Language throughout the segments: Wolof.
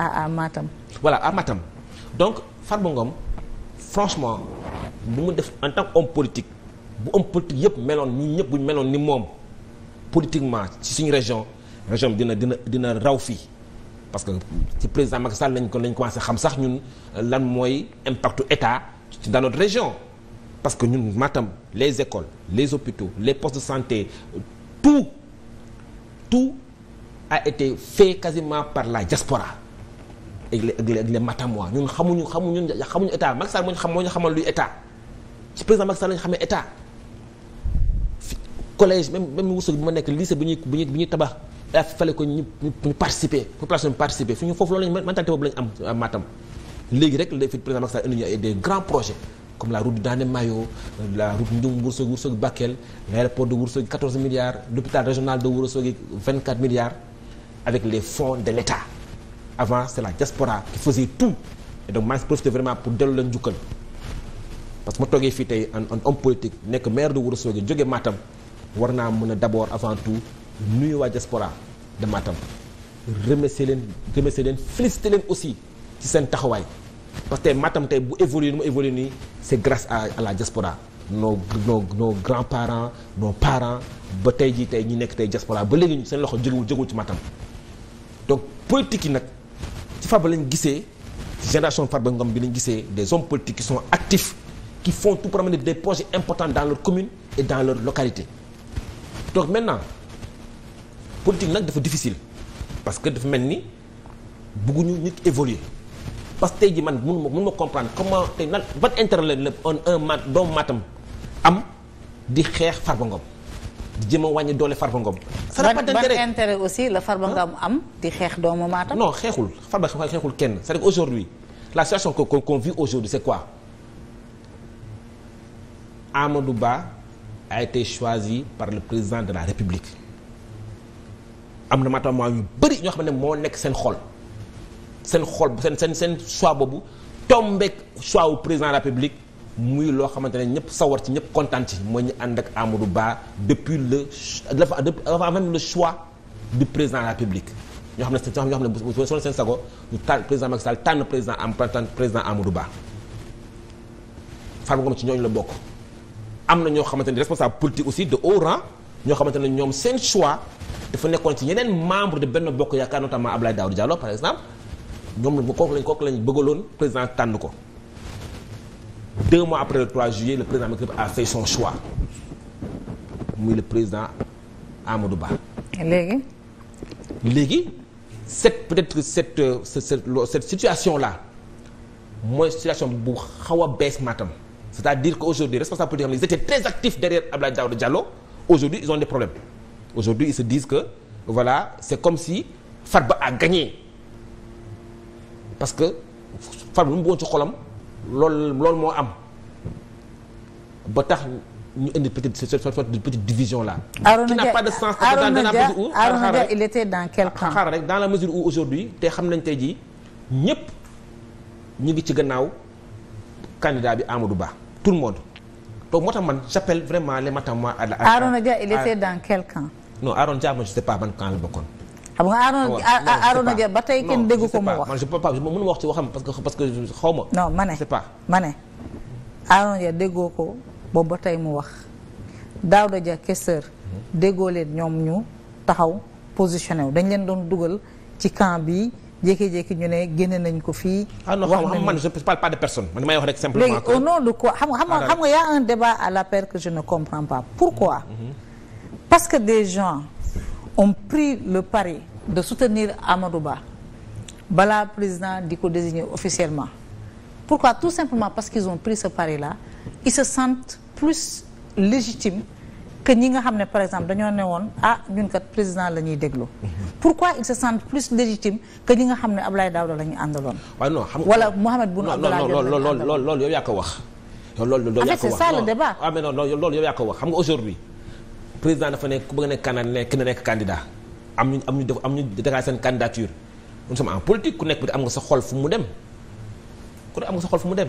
ah à Matam. voilà à Matam donc Farba Ngom franchement bu mu def en tant qu'homme politique bu homme politique yëpp meloon nii ñëpp bu ñu meloon ni moom politiquement ci suñu région région dina dina dina raw fii. parce que ci président Macky Sall lañ ko lañ commencé xam sax ñun lan mooy impactu état ci dans notre région parce que ñun Matam les écoles les hôpitaux les postes de santé tout tout a été fait quasiment par la diaspora ak les ak les ak matamois ñun xamuñu xamuñu xamuñu état Macky Sall moo ñu xam moo ñu xamal luy état ci président Macky Sall lañu xamee état collège même même Woussog bi ma nekk lycée bi ñuy bi ñuy tabax daa fale ko ñu ñu participer population bi participer fi ñu foofu loolu lañ mentalité boobu lañ am euh, Matam léegi rek la fi président Macky Sall indi ñu ay des grands projets comme la route du Daande Mayo euh, la route Ndioum Ourossogui Ourossogui Bakel l'aéroport de Ourossogui 14 milliards l'hôpital régional de milliards avec les fonds de l'État avant c'est la diaspora qui faisait tout et donc maa ngi profité vraiment pour dellu leen njukkal parce que ma toogee fii tey en homme politique nekk maire de Ourossogui jóge Matam war naa mën a d'abord avant tout nuyu waa diaspora de Matam leen remercier leen féliciter leen aussi ci seen taxawaay parce que Matam tey bu évolué nu mu évolué nii c'est grâce à à la diaspora nos nos nos grands-parents nos ba tey jii tey ñi nekk tey diaspora ba léegi seen loxo jógewul jógewul ci Matam donc politique yi nag. ci Farba lañ gisee génération Farba Ngom bi lañ gisee des hommes politiques qui sont actifs qui font tout pour amener des projets importants dans leur commune et dans leur localité donc maintenant politique nag dafa difficile parce que dafa mel ni bëgguñu nit évoluer parce que tey jii man mënu ma mënu ma comprendre comment tey nan ban intérêt la un un mat doomu Matam am di xeex Farba Ngom jéem a wàññi doole Farba Ngom. ça n'a pas d'intérêt aussi la Farba Ngom am di xeex doomu Matam. non xeexul Farba xeexul kenn c'est-à-dire aujourd'hui la situation que qu'on vit aujourd'hui c'est quoi Amadou Ba a été choisi par le président de la République am na Matam yu bëri ñoo xam ne moo nekk seen xol seen xol seen seen seen choix boobu tombeek choix wu président de la République. muy loo xamante ne ñëpp sawar ci ñëpp kontaan ci mooy ñu ànd ak Amadou Ba depuis le avant même le choix du président de la République ñoo xam ne ñoo xam ne bu soo seen sago ñu tànn président Macky Sall tànn président am président Amadou Ba ci ñooñu la bokk am na ñoo xamante ne responsable politique aussi de haut rang ñoo xamante ne ñoom seen choix dafa nekkoon ci yeneen membre de benn Bokk Yaakaar notamment Abdoulaye Daouda Diallo par exemple ñoom kooku lañ kooku lañ bëggaloon président tànn ko deux mois après le 3 juillet le président Macky a fait son choix muy le président Amadou Ba. léegi. léegi cette peut-être cette euh, cette cette situation là mooy situation bu xaw a bees maatam c'est-à-dire que aujourd'hui responsable politique ils étaient très actifs derrière Abdoulaye Daouda Diallo aujourd'hui ils ont des aujourd'hui ils se disent que voilà c'est comme si Farba a gagné parce que Farba lu mu bëggoon ci xolam. loolu loolu moo am ba tax ñu indi petite sorte de petite division la qui n'a pas de sens. Arouna Dia il était dans quel xaaral rek dans la mesure où aujourd'hui te xam nañ tey jii ñëpp ñu ngi ci gannaaw candidat bi Amadou Ba tout le monde donc moo tax man j'appelle vraiment les Matam à la. Arouna Dia il était dans quel camp. non Arouna Dia man je pas ban camp la bokkoon. xam nga Arona ah Arona ba tey kenn déggu ko mu wax. non je ne sais ma. non ma ne c'est pas ma ne. déggoo ko boobu ba tey mu wax Daouda Dia Kesseur déggoo leen ñoom ñu taxaw positionné wu dañ leen doon dugal ci camp bi jékki-jékki ñu ne génne nañ ko fii. Ah wax nañu man je ne parle pas de personne man damay wax rek simplement. léegi au nom de xam nga xam nga ah, y a un débat à l'APR que je ne comprends pas pourquoi. Mm-hmm. parce que des ont pris le pari de soutenir Amadou Ba balaa président di ko désigner officiellement pourquoi tout simplement parce qu'ils ont pris ce pari la ils se sentent plus légitimes que ñi nga xam ne par exemple dañoo ne woon ah ñun kat président la ñuy déglu pourquoi ils se sentent plus légitimes que ñi nga xam ne Abdoulaye Daouda la ñu àndaloon waaw non xam wala Mohamed Boun Abdallah loolu loolu loolu yow yaa ko wax loolu ah, loolu yow yaa ko wax en fait c'est ça président dafa nekk ku bëgg a nekk candidat nekk na am ñu am ñu def am ñu déclaré seen candidature nous sommes en politique ku nekk am nga sa xol fu mu dem ku ne am nga fu mu dem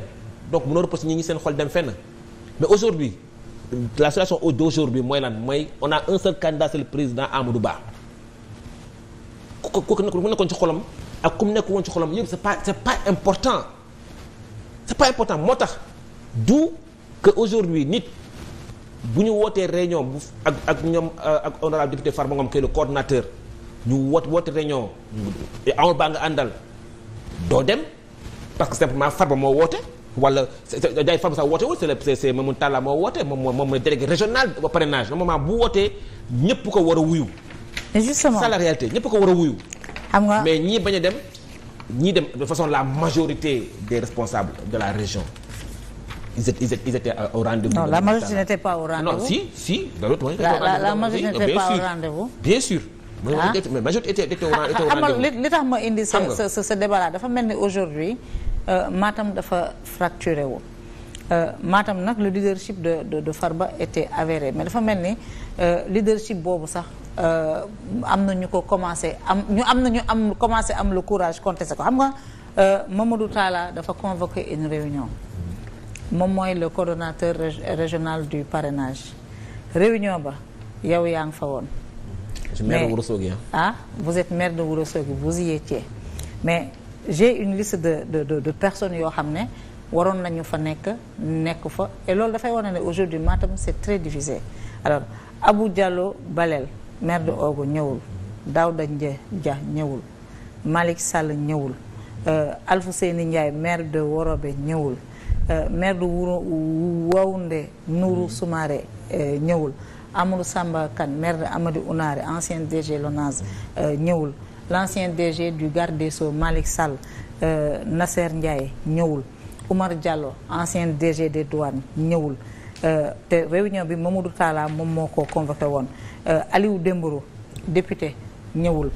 donc mënoo repousser ñi ñi seen xol dem fenn mais aujourd'hui la situation d'aujourd'hui mooy lan mooy on a un seul candidat c'est le président Amadou Ba ku ko ku nekkoon ci xolam ak ku mu nekk woon ci xolam yëpp c'est pas c'est pas important c'est pas important moo tax d'où que aujourd'hui nit bu ñu wootee réunion bu ak ak ñoom euh, ak honorable député Farba Ngom kay le coordonnateur ñu woot woote réunion amul baa nga àndal doo dem parce que simplement Farba moo woote wala day Farba sax woote wul c'est le c'est Mamoun Talla moo woote moom moom mooy délégué régional ba parrainage moment bu wootee ñëpp ko war a wuyu. justement c'est ñëpp ko war a wuyu. xam nga mais ñii bañ a dem ñii dem de façon la majorité des responsables de la région. ils étaient ils étaient au rendez-vous. non la majorité n'était pas au rendez-vous. non si si. la la la majorité n'était pas au rendez-vous. bien sûr. ah mais majorité était était au ah, rendez-vous. xamal li tax ma indi. sa sa sa débat dafa mel ni aujourd'hui euh, Matam dafa fracturé wu. Euh, Matam nag le leadership de de de Farba était avéré mais dafa mel ni euh, leadership boobu sax am na ñu ko commencé am ñu am na ñu am commencé am le courage contesté ko xam nga Mamadou Talla dafa convoqué une réunion. moom mooy le coordonnateur régional du parrainage réunion ba yow yaa ngi fa woon. maire de Ourossogui ah vous êtes maire de Ourossogui vous y mais j'ai une liste de de de, de personnes yoo xam ne waroon nañu fa nekk nekk fa et loolu dafay wane ne aujourd'hui Matam c'est très divisé alors Abou Diallo Balel maire de Ogo ñëwul Daouda Dia ñëwul Malick Sall ñëwul euh, Alfousseyni Ndiaye maire de Worobe ñëwul. Euh, maire de Waoundé Nourou mm. Soumaré euh, ñëwul Amadou Samba Kane maire de Amady Ounaré ancien DG Lonase euh, ñëwul l'ancien DG du garde des so Malick Sall Nasser Ndiaye ñëwul Oumar Diallo ancien DG des douanes ñëwul te réunion bi Mamadou Talla moom moo ko convoqué woon Aliou Dembourou député ñëwul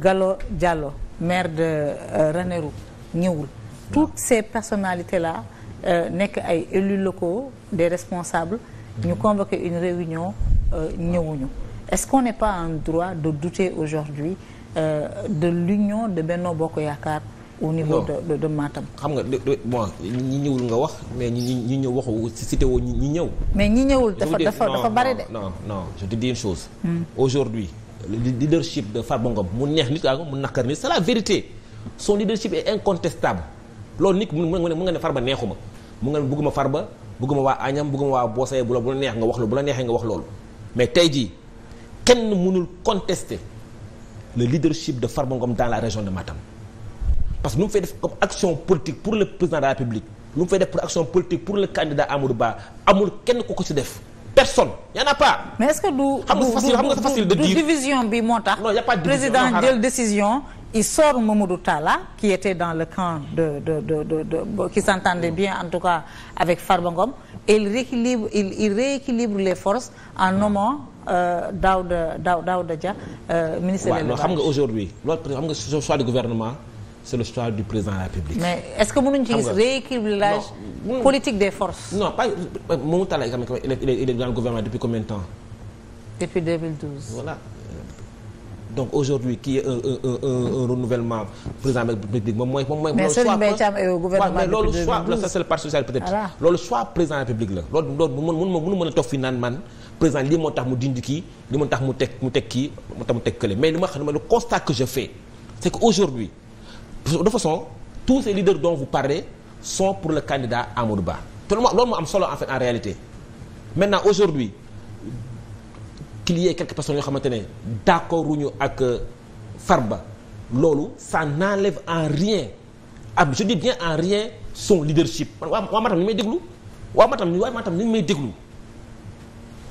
galo Diallo maire de Ranérou ñëwul toutes ces personnalités là Euh, nekk ay élus locaux des responsables ñu mhm. convoqué une réunion euh, ñëwuñu est-ce qu'on n'est pas en droit de douter aujourd'hui euh, de l'union de Benno Bokk Yaakaar au niveau de de Matam. xam nga bon ñi ñëwul nga wax mais ñi ñi ñëw waxu cité woo ñi ñëw. mais ñi ñëwul dafa dafa dafa bari de. non non je te hmm. mu neex nit ak mu naqar nit c'est la vérité son leadership est incontestable. loolu nit mu nga ne mu nga ne Farba neexuma mu nga ne bëgguma Farba bëgguma waa Agnam bëgguma waa Bosaye bu la neex nga wax loolu mais tey jii kenn mënul contester le leadership de Farba Ngom la région de Matam parce que lu mu fay def comme action politique pour le président de la République lu mu fay def pour action politique pour le candidat Amadou Ba amul kenn ku ko ci def personne y en a pas. mais est-ce que du. division bi moo tax. non y président jël décision. il sort Mamadou Talla qui était dans le camp de de de de, s'entendait bien en tout cas avec Farba Ngom et il rééquilibre les forces en nommant euh, Daouda Daouda Dia euh, ministre ouais, de l'élevage. xam nga aujourd'hui loolu xam nga ce choix du gouvernement c'est le choix du président de la République. mais est-ce que mënuñu ci mm, mm. des forces. non pas euh, Talla il est il est gouvernement depuis combien de temps. depuis donc aujourd'hui qui est un un un renouvellement président République moom mooy. moom mooy loolu soit mais Serigne Mbaye Thiam est euh, au gouvernement loolu soit président République la loolu loolu mën mën mën a toog fi naan man président lii moo tax mu dindi kii lii moo tax mu teg mu teg kii moo tax mu teg kële mais li ma xam ne le constat que je fais c'est que aujourd'hui de façon tous ces leaders dont vous parlez sont pour le candidat Amadou Ba te loolu moo am solo en fait en réalité maintenant aujourd'hui qu'il y ait quelques personnes yoo xamante ne d'accord uñu ak euh, Farba loolu ça n'enlève en rien ab ah, je dis bien en rien son leadership man waa waa Matam ni may déglu waa Matam waa Matam ni may déglu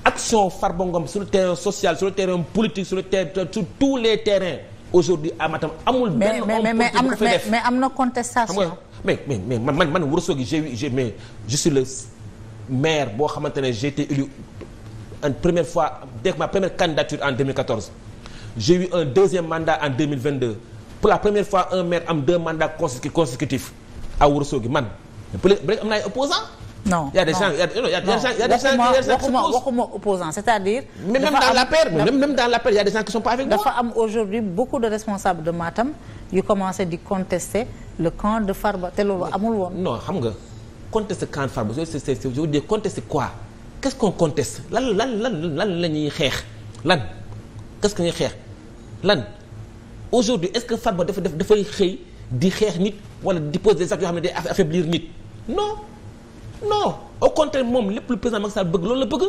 action Farba Ngom sur le terrain social sur le terrain politique sur le terrain euh, sur tous les terrains aujourd'hui à Matam amul. benn homme politique mais mais am na contestation. mais mais mais man man Ourossogui j'ai j'ai mais je le maire boo xamante ne j'ai une première fois dès ma première candidature en 2014 j'ai eu un deuxième mandat en 2022 pour la première fois un maire am deux mandats consécutifs à Ourossogui man bu léegi am na ay opposants. non y' a des gens y' a des gens y' a des gens waxuma waxuma opposant c'est-à-dire. même dans la paire même même dans la paire y' a des gens qui sont pas avec moi. dafa am aujourd'hui beaucoup de responsables de Matam yu commencé di contester le camp de Farba te loolu amul woon. non xam nga contester camp de Farba je veux dire contester quoi. qu'est-ce qu'on conteste lan lan lan lan la ñuy xeex lan qu'est-ce que ñuy xeex lan aujourd'hui est-ce que Farba dafa def dafay xëy di xeex nit wala di poser des actes yoo xam ne day affaiblir nit non non au contraire moom lépp lu président Macky Sall bëgg loolu la bëgg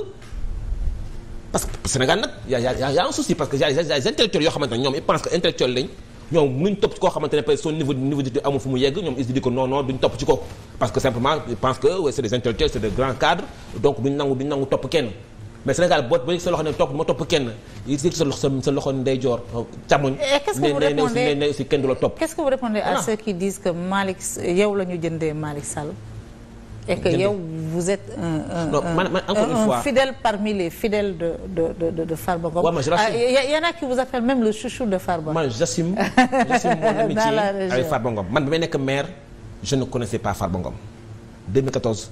parce Sénégal nag y a y a y a un souci parce que y a y a des intellectuels yoo xamante ne ñoom ils pensent que intellectuels lañ ñoom mënuñ topp ci koo xamante ne peut son niveau niveau d'études amul fu mu yegg ñoom ils disent que non non duñ topp ci kooku parce que simplement ils que c'est des intellectuels c'est donc duñ nangu duñ nangu topp kenn mais Sénégal boo ba sa loxo ne topp ma topp kenn yi sa loxo ndeyjoor euh, càmmoñ. ne ne si kenn du topp. qu'est-ce que vous répondez à ah ceux qui disent que Malick yow la jëndee Malick Sall. et que yow vous êtes man, man, encore fidèle parmi les fidèles de de de ah, a qui vous appellent même le chouchou de Farba. man j'assume j'assume mon amitié avec Farba man bi may nekk maire je ne connaissais pas Farba Ngom 2014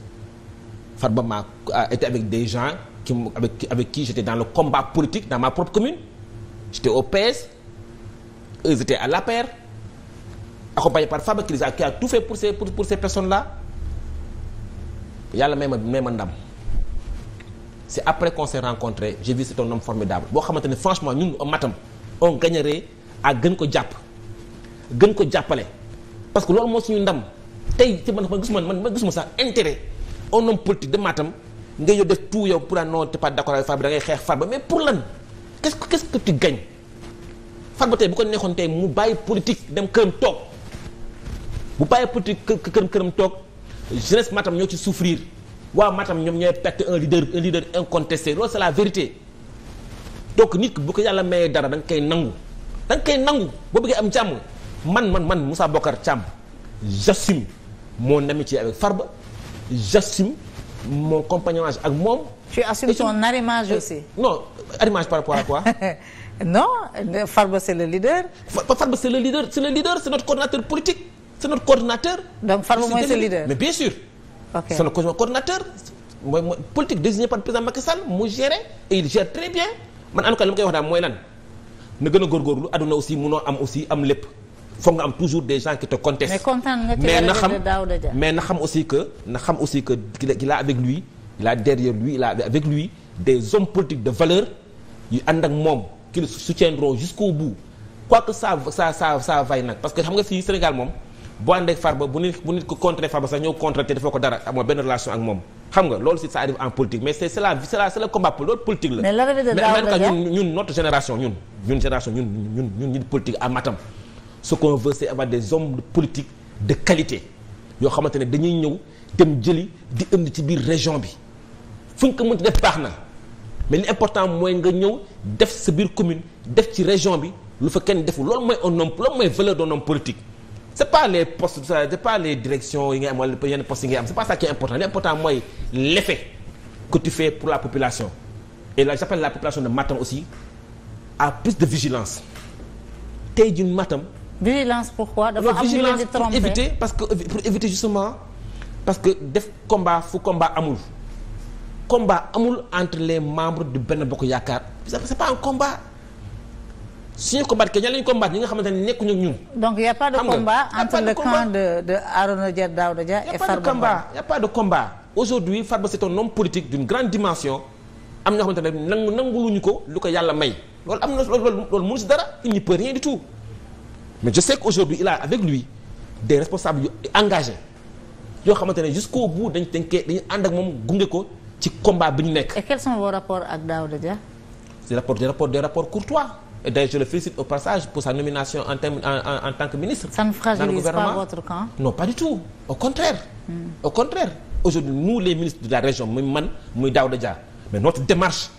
avec des gens qui avec qui j'étais dans le combat politique dans ma propre commune j'étais au PS eux à l'APR accompagné par Farba qui a tout fait pour ces personnes là. yàlla may ma may ma ndam c'est après qu'on s'est rencontré j'ai vu c'est un homme formidable boo xamante ne franchement ñun matam on gagnerait ak gën ko jàpp gën ko jàppale parce que loolu moo suñu ndam tey ci man ma gisuma man ma gisuma sax intérêt un homme politique de matam nga yow def tout yow pour non t'es pas d'accord avec Farba da ngay xeex Farba mais pour lan qu'est-ce que qu'est-ce que tu gagnes tey bu ko neexoon tey mu bàyyi politique dem këram toog bu bàyyi politique kë këram këram toog jeunesse Matam ñoo ci souffrir waaw Matam ñoom ñooy perte un leader un leader incontesté loolu c'est la vérité donc nit ki bu ko yàlla mayee dara da nga koy nangu da nga koy nangu boo bëggee am jàmm man man man Moussa Bokar Thiam j'assume mon amitié avec Farba j'assume mon compagnonnage ak moom. tu assumes ton arrimage euh, aussi. par rapport à quoi. non Farba c'est le leader. Farba c'est le leader c'est le leader c'est notre coordinateur politique. c'est notre coordinateur. donc Farba mooy sa leader mais bien sûr. ok coordinateur. mooy mooy politique désignée par le président Macky Sall mu géré et il gère très bien man en tout cas li ma koy wax daal mooy lan na gën a góorgóorlu àdduna aussi munoo am aussi am lépp foog nga am toujours des gens qui te mais kontaan na xam mais na xam aussi que na xam aussi que qu'il a avec lui il a derrière lui il a avec lui des hommes politiques de valeur yu ànd ak moom qui le soutiendront jusqu'au bout quoi que ça sa ça ça vaille nag parce que xam nga fii Sénégal moom. bu ànd ak Farba bu nit bu nit ko contrer Farba sax ñëw contrer te dafa ko dara amoo benn relation ak moom xam nga loolu si ça arrive en politique mais c'est c'est la c'est la c'est le combat loolu des hommes politiques de qualité yoo xamante ne dañuy ñëw dem jëli di indi ci biir région bi fu ko mënti def baax na mais li important mooy nga ñëw def sa biir commune def ci région bi lu fa kenn loolu mooy un homme loolu mooy valeur d'un homme politique. c'est pas les postes c'est pas les directions yi nga am wala yenn postes yi nga am c'est pas ça qui est important mooy l'effet que pour la population et la j'appelle la population de Matam aussi à plus de vigilance tey jii Matam. vigilance pourquoi dafa am lu leen di tromper parce que pour éviter justement parce que def combat fu combat amul combat amul entre les membres du Benno Bokk Yaakaar c'est pas un combat suñu combat ke ña lañu combat ñi nga xamante ne nekkuñu ak ñun. donc y' a pas de combat entre le camp de de Arona Daouda Dia a pas de combat aujourd'hui Farba c'est un homme politique d'une grande dimension am ñoo xamante ne nangu nanguluñu ko lu ko yàlla may loolu am na loolu loolu mënu si dara il n'y peut rien du tout mais je sais qu'aujourd'hui il a avec lui des responsables yu engagés yoo xamante ne jusqu'au bout dañ tënkee dañu ànd ak moom gunge ko ci combat bi ñu nekk. et quels sont vos rapports ak Daouda d'ailleurs je le félicite au passage pour sa nomination en terme en, en, en tant que ministre. ça ne fragilise pas votre camp. non pas du tout au contraire. Hmm. au contraire aujourd'hui nous les ministres de la région muy man muy daaw Daouda Dia mais notre démarche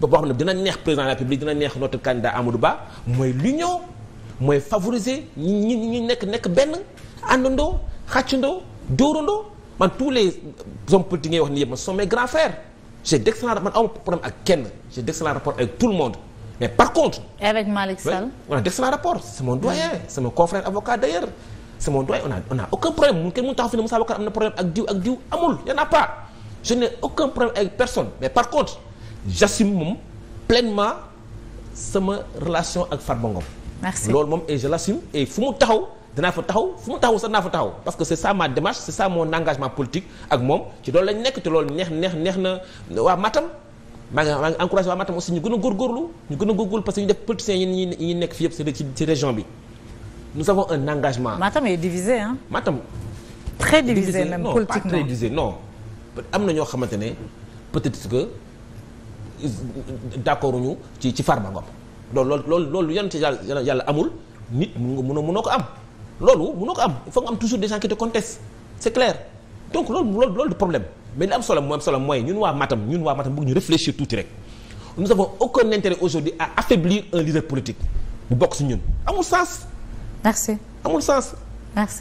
boo xam ne dina neex président de la République dina neex notre candidat Amadou Ba mooy l'union mooy favoriser ñi ñi nekk nekk benn àndandoo xàccandoo dóorandoo man tous les hommes politiques ngay wax nii yëpp man sont mes grands frères j'ai d'excellents kenn j'ai d'excellents rapports avec le monde. mais par contre. Et avec Malick Sall. on a d'excellents rapports c'est mon doyen c'est mon confrère avocat d'ailleurs c'est mon doyen on a on a aucun problème kenn mënut a fi ne Moussa Bakar am na problème ak diw ak diw amul y a pas je n'ai aucun problème avec personne mais par contre j'assume moom pleinement sama relation ak Farba Ngom. loolu moom ay je l'assume et fu mu taxaw. danaa fa taxaw fu mu taxaw sax naa fa taxaw parce que c'est ça ma démarche c'est ça mon engagement politique ak moom ci loolu lañ nekk neex neex maa ngi maa ngi encouragé waa Matam aussi ñu gën a góorgóorlu ñu gën a góorgóorlu parce que ñu def politiciens yi ñu ñu nekk fii yëpp ci ci région bi nous avons un engagement. Matam est divisé hein. Matam. très divisé, divisé même politiquement am na ñoo xamante ne peut-être que d'accord ñu ci ci Farba Ngom loolu loolu loolu yan ci yàlla yàlla amul nit mu mun a munoo ko am. loolu munoo ko am il nga am toujours des gens qui te contestent c'est clair donc loolu loolu loolu du problème. mais li am solo moom solo mooy ñun waa Matam ñun waa Matam bëgg ñu réfléchir tuuti rek nous avons aucun intérêt aujourd'hui à affaiblir un leader politique bu bokk si ñun amul sens. merci amul sens. merci.